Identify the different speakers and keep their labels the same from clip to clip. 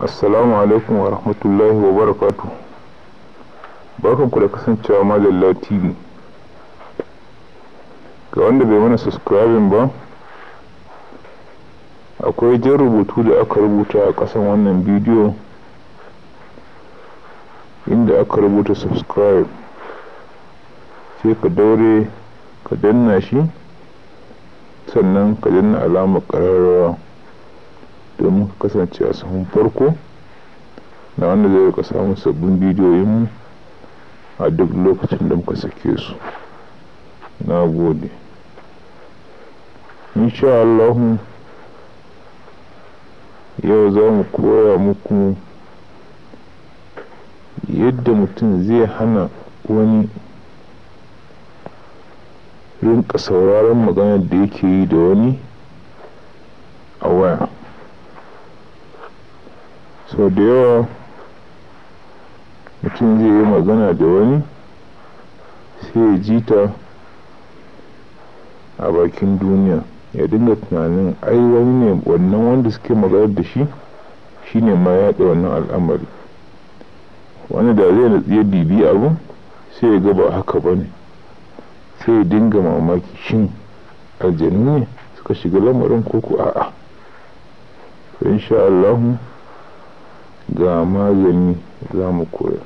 Speaker 1: assalamu alaikum wa rahmatullahi wa barakatu barkan ku da kasancewa majalla tv ga wanda bai mana subscribing ba akwai jan rubutu da aka rubuta a kasan wannan bidiyo inda aka rubuta subscribe sai ka daure ka danna shi sannan ka danna alamar ƙararrawa domin ka kasance a sahun farko na wanda zai ka samu sabbin bidiyoyinmu a duk lokacin da muka sake su na gode sha allahu yau za mu koya muku yadda mutum zai hana wani rinka sauraron magana da yake yi da wani a waya sau da yawa mutum zai yi magana da wani sai ya ji ta a bakin duniya ya dinga tunanin ai wani ne wannan wanda suke magana da shi shine ma ya wannan al'amari wani da zai natsi ya bibi abu sai ya ga ba haka ba ne sai ya dinga mamaki shin aljanu ne suka shiga lamarin koko a'a in sha Allahu ga magani za mu koya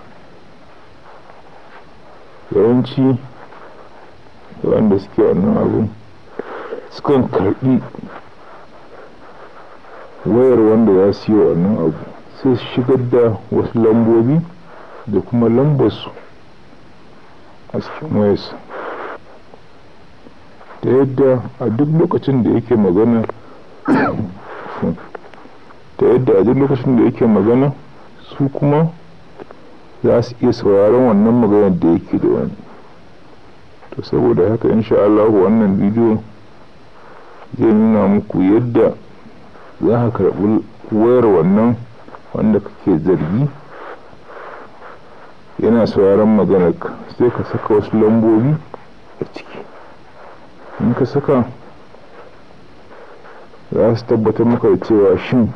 Speaker 1: yawanci wanda suke wannan abu sukan karbi wayar wanda ya siyo wannan abu sai su shigar da wasu lambobi da kuma lambarsu a cikin wayarsa ta yadda a duk lokacin da yake magana ta yadda a duk lokacin da yake magana su kuma za su iya sauraron wannan maganar da yake da wani to saboda haka insha Allah wannan bidiyo zai nuna muku yadda za ka karɓi wayar wannan wanda kake zargi yana sauraron maganarka sai ka saka wasu lambobi a ciki in ka saka za su tabbatar maka da cewa shin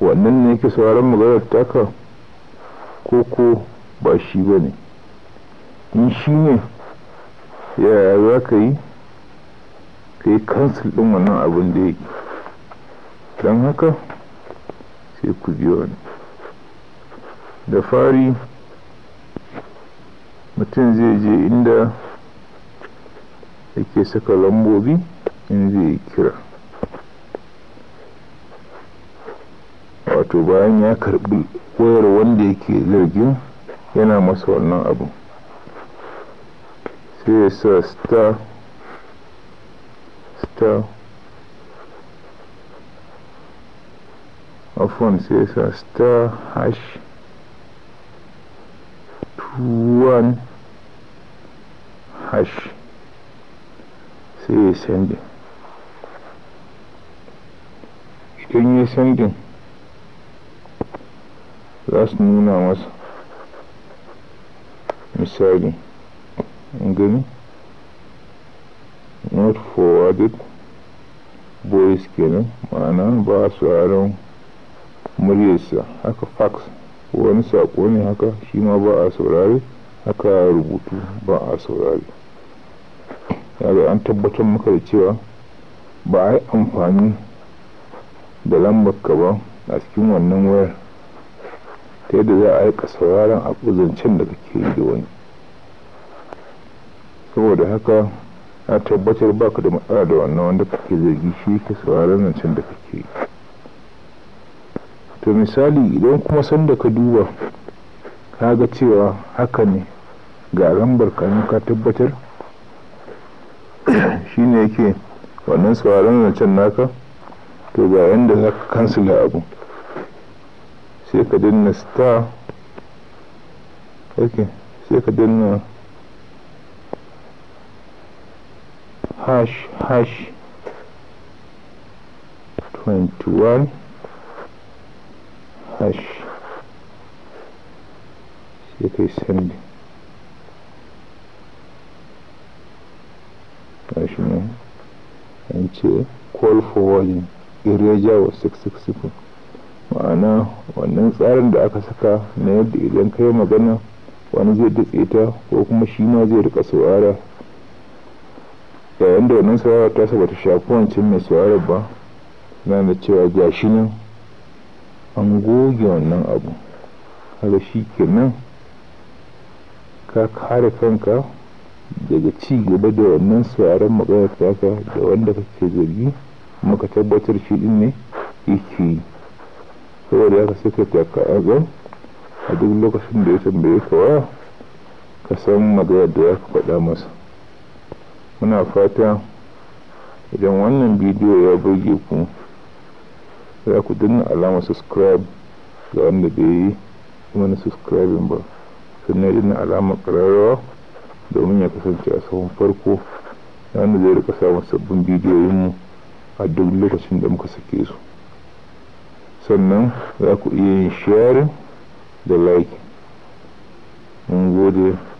Speaker 1: wannan ne yake sauran maganar taka ko ko ba shi ba ne in shi ne yaya za ka yi ka yi kansil ɗin wannan abin da yake don haka sai ku biyo wani da fari mutum zai je inda yake saka lambobi in zai kira to bayan ya karbi koyar wanda yake zargin yana masa wannan abu sai ya sa star star afon sai ya sa star hash 21 hash sai ya sendin idan ya sendin za su nuna masa misali gani not forwarded boys kenan ma'ana ba su haron muryarsa haka fax wani saƙo ne haka shi ma ba a saurari haka rubutu ba a ya yaga an tabbatar maka da cewa ba a yi amfani da lambar ka ba a cikin wannan wayar ta yadda za a aika sauraron abuzancen da kake yi da wani saboda haka na tabbatar ba ka da matsala da wannan wanda kake zargi shi ke sauraron zancen da kake yi to misali idan kuma sanda ka duba ka ga cewa haka ne ga lambar kanin ka tabbatar shi ne yake wannan sauraron zancen naka to ga yanda za ka kansila abu cerca dele não está aqui, cerca dele não hash hash 21 hash cerca e sende hash não and call for warning erasure was 664 ma'ana wannan tsarin da aka saka na yadda idan kai magana wani zai datse ta ko kuma shi ma zai rika saurara yayin da wannan saurara ta saba ta shafi wancan mai saurara ba na da cewa ga shi nan an goge wannan abu har shi kenan ka kare kanka daga ci gaba da wannan sauraron maganar taka da wanda kake zargi maka tabbatar shi din ne yake yi saboda ya sai ka taka azan a duk lokacin da ya tambaye ka wa ka san da ya faɗa masa muna fata idan wannan bidiyo ya burge ku za ku danna alama subscribe ga wanda bai yi na subscribing ba sannan ya danna alama ƙararrawa domin ya kasance a sahun farko wanda zai rika samun sabbin bidiyoyinmu a duk lokacin da muka sake su sannan za ku iya yin sharing da like mun gode